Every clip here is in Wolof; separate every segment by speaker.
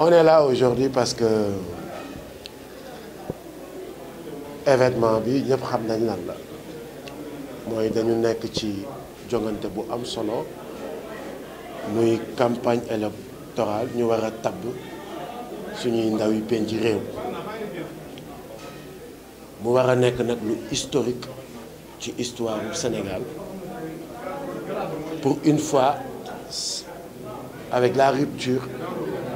Speaker 1: On est là aujourd'hui parce que événement bi ñëpp xam nañ lan la mooy dañu nekk ci jongante bu am solo muy campagne électorale ñu war a tabb suñuy ndaw yi penc réew bu war a nekk nag lu historique ci histoire du Sénégal pour une fois avec la rupture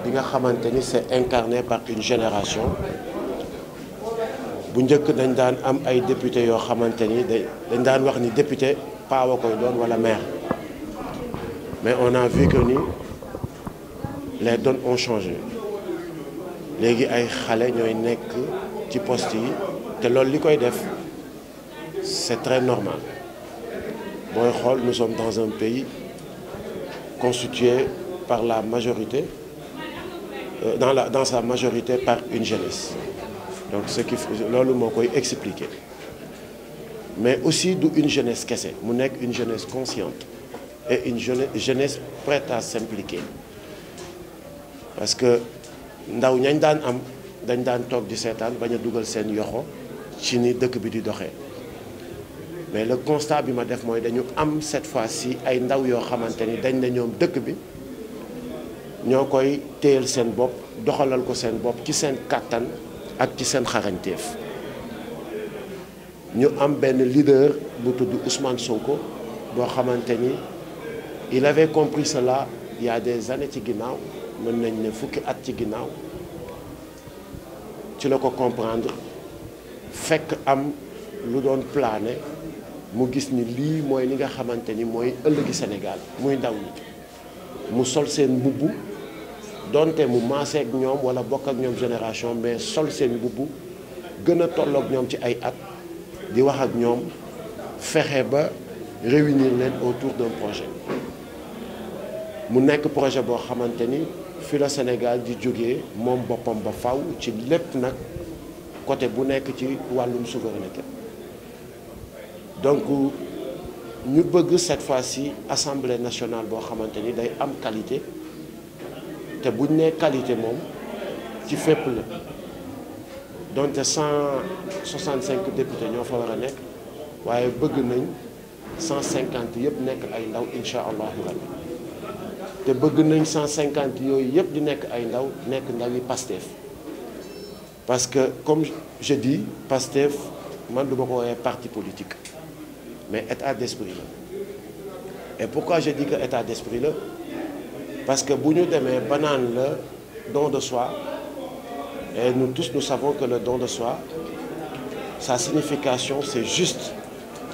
Speaker 1: bi nga xamante ni c'est incarné par une génération bu njëkk dañ daan am ay député yoo xamante ni dañ daan wax ni député paawa koy doon wala maire mais on a vu que ni les donnes ont changé léegi ay xale ñooy nekk ci post yi te loolu li koy def c'est très normal booy xool nous sommes dans un pays constitué par la majorité Euh, dans la dans sa majorité par une jeunesse donc ce qui loolu moo koy expliquer mais aussi du une jeunesse kese mu nekk une jeunesse consciente et une jeunesse prête à s'impliquer parce que ndaw ñañ daan am dañ daan toog di seetaan bañ a dugal seen yoxo ci ni dëkk bi di doxee mais le constat bi ma def mooy dañu am cette fois si ay ndaw yoo xamante ni dañ la ñoom dëkk bi ñoo koy téyal seen bopp doxalal ko seen bopp ci seen kàttan ak ci seen xarañteef ñu am benn leader bu tudd Ousmane Sonko boo xamante ni il avait compris cela il des années ci ginnaaw mën nañ ne fukki at ci ginnaaw ci la ko comprendre fekk am lu doon plané mu gis ni lii mooy li nga xamante ni mooy ëllëgi senegal muy ndaw ñi mu sol seen mbubb donte mu maaseeg ñoom wala bokk ak ñoom génération mais sol seen mbubb gën a tolloog ñoom ci ay at di wax ak ñoom fexe ba réunir leen autour d'un projet mu nekk projet boo xamante ni fi la Sénégal di jógee moom boppam ba faw ci lépp nag côté bu nekk ci wàllum souveraineté donc ñu bëgg cette fois-ci assemblée nationale boo xamante ni day am qualité te buñ nee qualité moom ci fépp la donte cent soixante cinq députés ñoo fa war a nekk waaye bëgg nañ cent cinquante yëpp nekk ay ndaw incha allahu rabbi te bëgg nañ cent cinquante yooyu yëpp di nekk ay ndaw nekk ndaw yi Pastef parce que comme je dis Pastef man du ba ko woowee parti politique mais état d'esprit la et pourquoi je dis que état d'esprit la parce que bu ñu demee ba naan la don de soi et nous tous nous savons que le don de soi sa signification c'est juste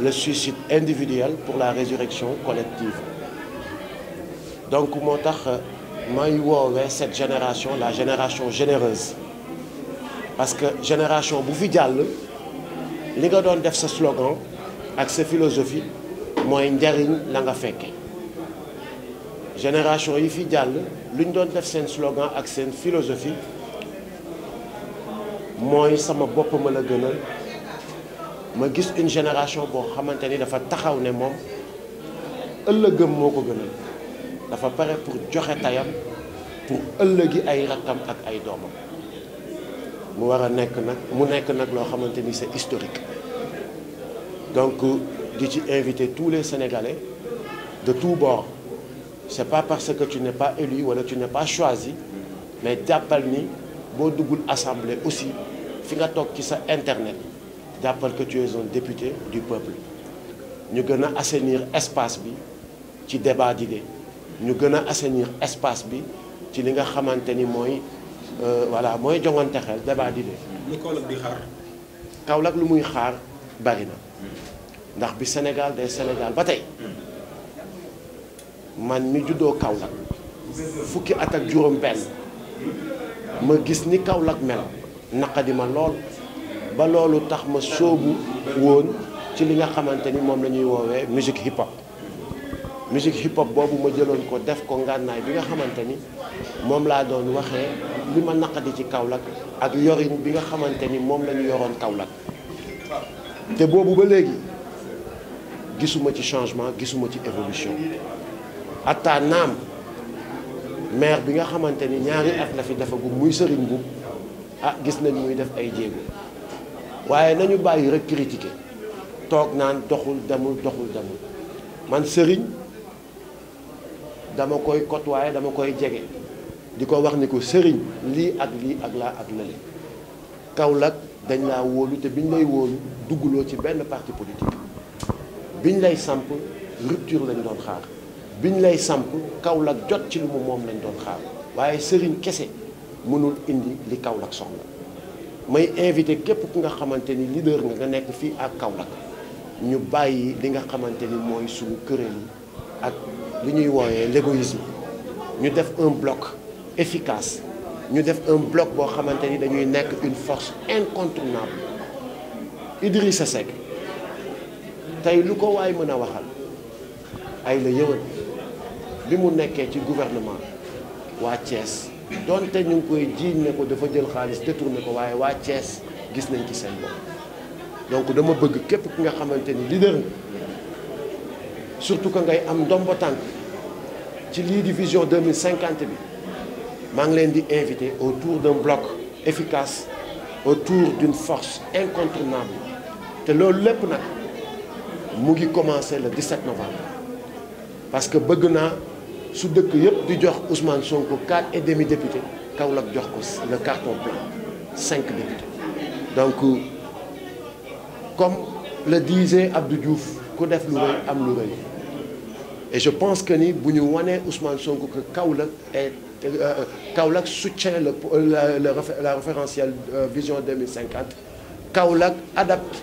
Speaker 1: le suicide individuel pour la résurrection collective donc moo tax may woowee cette génération la génération généreuse parce que génération bu fi jàll li nga doon def sa slogan ak sa philosophie mooy njariñ la nga fekke génération yi fi jàll lu ñu doon def seen slogan ak seen philosophie mooy sama bopp ma la gënal ma gis une génération boo xamante ni dafa taxaw ne moom ëllëgëm moo ko gënal dafa pare pour joxe tayam pour ëllëgi ay rakkam ak ay doomam mu war a nekk nag mu nekk nag loo xamante ni c'est historique donc di ci inviter tous les Sénégalais de tous bords c'est pas parce que tu n'es pas élu wala tu n'es pas choisi mais jàppal ni boo duggul assemblée aussi fi nga toog ci sa internet jàppal que tu es un député du peuple ñu gën a assainir espace bi ci débat d'idées ñu gën a assainir espace bi ci li nga xamante ni mooy euh, voilà mooy joŋante xel débat d'idées lu Kaolack di xaar Kaolack lu muy xaar bari na ndax bi Sénégal day Sénégal ba tey man mi juddoo Kaolack fukki at ak juróom-benn ma gis ni Kaolack mel naqadi ma lool ba loolu tax ma sóobu woon ci li nga xamante ni moom la ñuy woowee musique hip hop. musique hip hop boobu ma jëloon ko def ko ngànnaay bi nga xamante ni moom laa doon waxee li ma naqadi ci Kaolack ak yorin bi nga xamante ni moom la ñu yoroon Kaolack te boobu ba léegi gisuma ci changement gisuma ci évolution. attan naam maire bi nga xamante ni ñaari at la fi defagum muy sëriñ bu ah gis nañ muy def ay jéego waaye nañu bàyyi rek critiquer toog naan doxul demul doxul demul man sëriñ dama koy côtoyer dama koy jege di ko wax ni ko sëriñ lii ak lii ak laa ak lële kawlag dañ laa wóolu te biñ lay wóolu dugguloo ci benn partie politique biñ lay samp rupture lañ doon xaar biñ lay samp Kaolack jot ci lu mu moom lañ doon xaar waaye sëriñ kese mënul indi li Kaolack soxla may invité képp ku nga xamante ni leader nga nga nekk fii ak Kaolack ñu bàyyi li nga xamante ni mooy suñu kuréel yi ak li ñuy wooyee l'égoïsme ñu def un bloc efficace ñu def un bloc boo xamante ni dañuy nekk une force incontournable sa Seck tey lu ko waay mën a waxal ay la yëwal bi mu nekkee ci gouvernement waa Thiès donte ñu ngi koy jiiñ ne ko dafa jël xaalis détourné ko waaye waa Thiès gis nañ ci seen bopp donc dama bëgg képp ki nga xamante ni leader nga surtout que ngay am ndombo tànk ci lii di vision 2050 bi maa ngi leen di invité autour d'un bloc efficace autour d'une force incontournable te loolu lépp nag mu ngi commencé le 17 novembre parce bëgg naa su dëkk yëpp di jox Ousmane Sonko quatre et demi député Kaolack jox ko le carton plein cinq députés donc comme le disait Abdou Diouf ku def lu rëy am lu rëy et je pense que ni bu ñu wanee Ousmane Sonko que Kaolack est euh, Kaolack soutient le la le, la référentiel euh, vision 2050 Kaolack adapte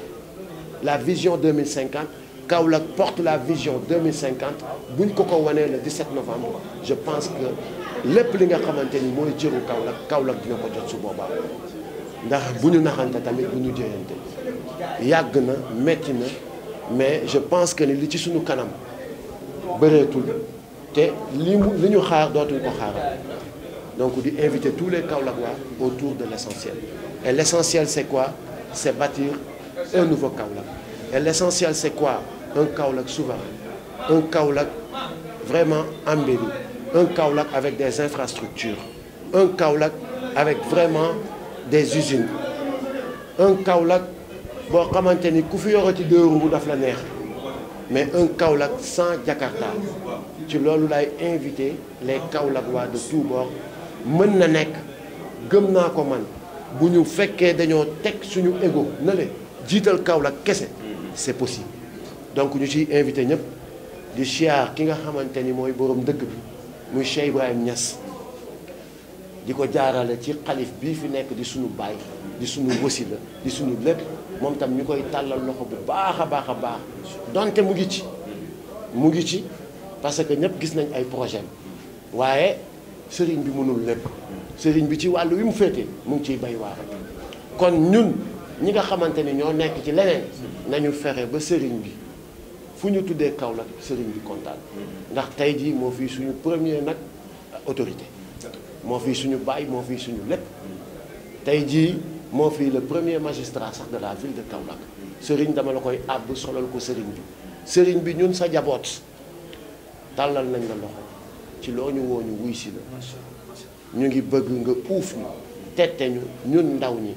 Speaker 1: la vision 2050 Kaolack porte la vision 2050 bu ñu ko ko wanee le 17 novembre je pense que lépp li nga xamante ni mooy jëru Kaolack Kaolack dina ko jot su boobaa ndax bu ñu naxante tamit bu ñu jëyante yàgg na metti na mais je pense que ni li ci suñu kanam bëreetul te li mu li ñu xaar dootuñ ko xaaral donc di inviter tous les Kaolackois autour de l'essentiel e l'essentiel c'est quoi c'est bâtir un nouveau Kaolack et l'essentiel c'est quoi un Kaolack souverain, un Kaolack vraiment embelli, un Kaolack avec des infrastructures, un Kaolack avec vraiment des usines, un Kaolack boo xamante ni ku fi yorati deux roues daf la neex mais un Kaolack sans Jakarta ci loolu lay invité les Kaolack waa de tous mën na nekk gëm naa ko man bu ñu fekkee dañoo teg suñu égo na le jiital Kaolack kese c'est possible donc ñu ciy invité ñëpp di siyaar ki nga xamante ni mooy borom dëkk bi muy Cheikh Ibrahim Niass di ko jaarale ci xalif bi fi nekk di suñu baay di suñu wasila di suñu lépp moom tam ñu koy tàllal loxo bu baax a baax a baax donte mu ngi ci mu ngi ci parce que ñëpp gis nañ ay projet waaye sëriñ bi mënul lépp sëriñ bi ci wàll wi mu féete mu ngi ciy bay waar kon ñun ñi nga xamante ni ñoo nekk ci leneen nañu fexe ba sëriñ bi fu ñu tuddee Kaolack sëriñ bi kontaan ndax tey jii moo fii suñu premier nag euh, autorité moo fii suñu baay moo fii suñu lépp tey jii moo fii le premier magistrat sax de ville de Kaolack sëriñ dama la koy àbb solal ko sëriñ bi sëriñ bi ñun sa jaboot tàllal nañ la loxo ci loo ñu woo ñu wuy si la ñu ngi bëgg nga uuf ñu tette ñu ñun ndaw ñi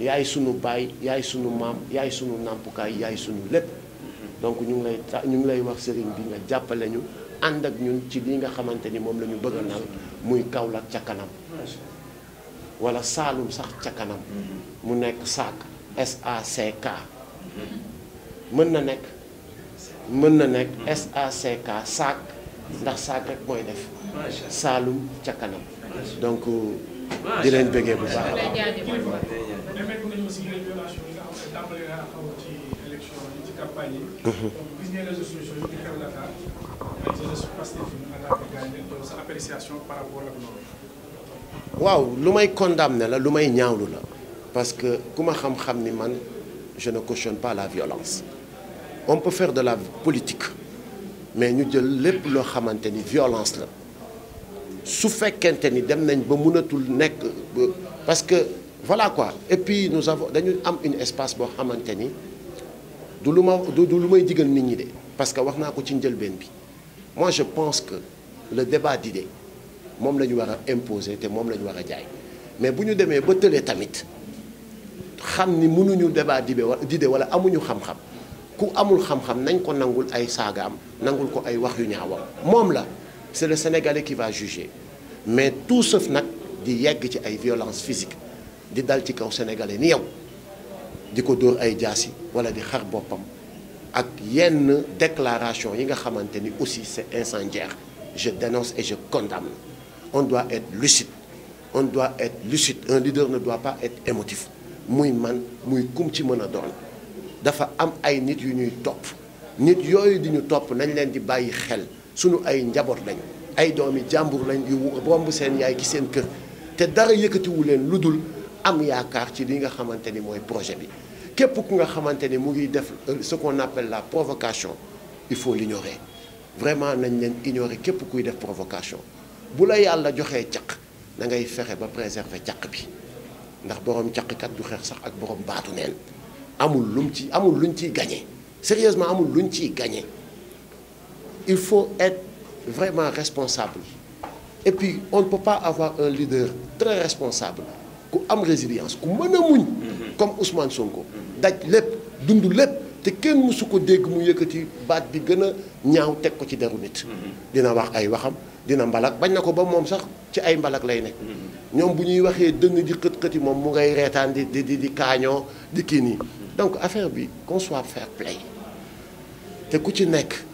Speaker 1: yaay sunu baay yaay sunu maam yaay suñu nàmpukaay yaay sunu lépp donc ñu ngi lay ñu ngi lay wax sëriñ bi nga jàppale ñu ànd ak ñun ci lii nga xamante ni moom la ñu bëgg a nal muy Kaolack ca kanam wala Saalum sax ca kanam mu nekk saak SACK mën na nekk mën na nekk SACK SAC ndax SAC rek mooy def Saalum ca kanam donc di leen bëggee bu baax accompagner. Mhm. waaw lu may condamner la lu may ñaawlu la parce que ku ma xam-xam ni man je ne cautionne pas la violence on peut faire de la politique mais ñu jël lépp loo xamante ni violence la su fekkente ni dem nañ ba munatul nekk parce que voilà quoi et puis nous avons dañu am une espace boo xamante ni. du lu ma du lu may digal nit ñi de parce que wax naa ko ci njëlbeen bi moi je pense que le débat d'idées moom la ñu war a imposer te moom la ñu war a jaay mais bu ñu demee ba tëlee tamit xam ni mënuñu débat d'idées d'idées wala amuñu xam-xam ku amul xam-xam nañ ko nangul ay saagaam nangul ko ay wax yu ñaawam moom la c'est le Sénégalais qui va juger mais tout sauf nag di yegg ci ay violence physique di dal ci kaw Sénégalais ni yow di ko dóor ay jaasi wala di xar boppam ak yenn déclaration yi nga xamante ni aussi c'est incendiaire je dénonce et je condamne on doit et lucide on doit être lucide un leader ne doit pas être émotif muy man muy kum ci mën a doon dafa am ay nit yu ñuy topp nit yooyu di ñu topp nañ leen di bàyyi xel suñu ay njaboot lañ ay doomi jàmbur lañ yu romb seen yaay ci seen kër te dara yëkkatiwu leen lu dul am yaakaar ci li nga xamante ni mooy projet bi képp ku nga xamante ni mu ngi def euh, ce qu'on appelle la provocation il faut l'ignorer vraiment nañ leen ignorer képp kuy def provocation bu la yàlla joxee caq da ngay fexe ba préserver caq bi ndax borom caqkat du xeex sax ak borom baatu neen amul lum ci amul luñ ciy gagné sérieusement amul luñ ciy gañe il faut être vraiment responsable et puis on ne peut pas avoir un leader très responsable ku am résilience ku mën a muñ mhm. comme Ousmane Sonko daj lépp dund lépp te kenn mësu ko dégg mu yëkkati baat bi gën a ñaaw teg ko ci deru nit mhm. dina wax ay waxam dina mbalak bañ na ko ba moom sax ci ay mbalak lay nekk mhm. ñoom bu ñuy waxee dënn di xët-xëti moom mu ngay reetaan di di di kaañoo di kii nii donc affaire bi qu'on soit fair play te ku ci nekk